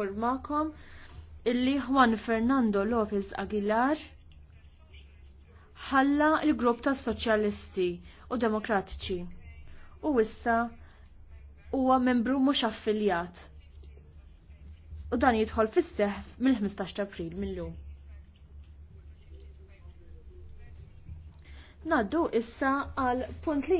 ninformakom illi Juan Fernando Lopez Aguilar ħalla il-grupp ta' soċjalisti u demokratiċi u issa huwa membru mhux affiljat u dan jidħol fis-seħ mill-15 ta' April mill-lum. Naddu issa għal punt li